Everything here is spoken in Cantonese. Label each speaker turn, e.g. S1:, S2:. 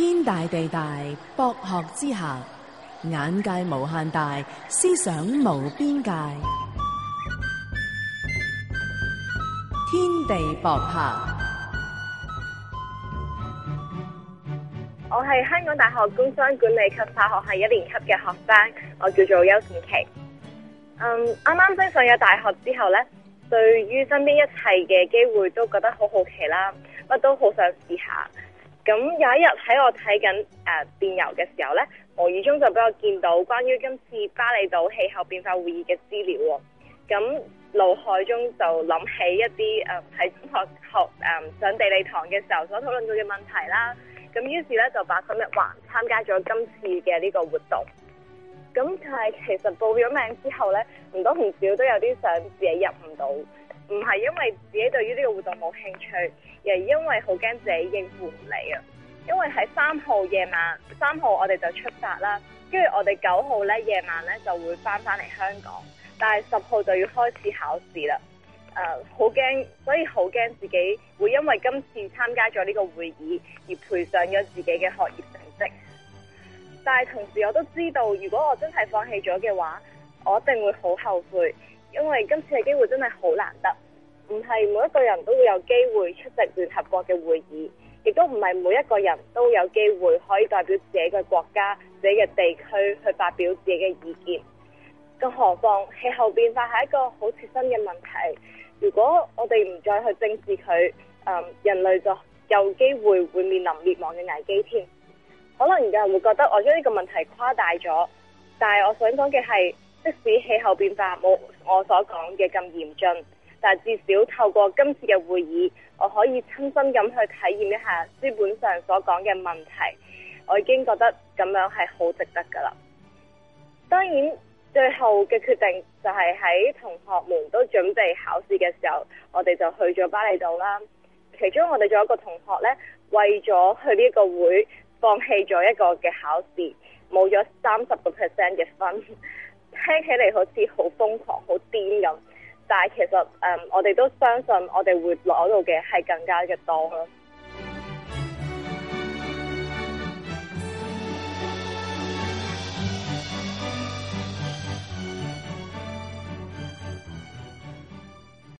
S1: 天大地大，博學之下，眼界無限大，思想無邊界。天地博客，我係香港大學工商管理及法學系一年級嘅學生，我叫做邱善琪。嗯，啱啱升上咗大學之後咧，對於身邊一切嘅機會都覺得好好奇啦，乜都好想試下。咁有一日喺我睇緊誒電郵嘅時候咧，無意中就俾我見到關於今次巴厘島氣候變化會議嘅資料、哦。咁腦海中就諗起一啲誒喺中學學誒、呃、上地理堂嘅時候所討論到嘅問題啦。咁於是咧就把心一橫，參加咗今次嘅呢個活動。咁但係其實報咗名之後咧，唔多唔少都有啲想自己入唔到。唔係因為自己對於呢個活動冇興趣，而係因為好驚自己應付唔嚟啊！因為喺三號夜晚，三號我哋就出發啦，跟住我哋九號咧夜晚咧就會翻翻嚟香港，但係十號就要開始考試啦。誒、呃，好驚，所以好驚自己會因為今次參加咗呢個會議而賠上咗自己嘅學業成績。但係同時我都知道，如果我真係放棄咗嘅話，我一定會好後悔。因為今次嘅機會真係好難得，唔係每一個人都會有機會出席聯合國嘅會議，亦都唔係每一個人都有機會可以代表自己嘅國家、自己嘅地區去發表自己嘅意見。更何況氣候變化係一個好切身嘅問題，如果我哋唔再去正視佢，誒，人類就有機會會面臨滅亡嘅危機添。可能有人會覺得我將呢個問題誇大咗，但係我想講嘅係，即使氣候變化冇我所講嘅咁嚴峻，但係至少透過今次嘅會議，我可以親身咁去體驗一下書本上所講嘅問題，我已經覺得咁樣係好值得㗎喇。當然，最後嘅決定就係喺同學們都準備考試嘅時候，我哋就去咗巴厘島啦。其中我哋仲有一個同學呢，為咗去呢個會，放棄咗一個嘅考試，冇咗三十個 percent 嘅分。聽起嚟好似好瘋狂、好癲咁，但係其實誒、嗯，我哋都相信我哋會攞到嘅係更加嘅多咯。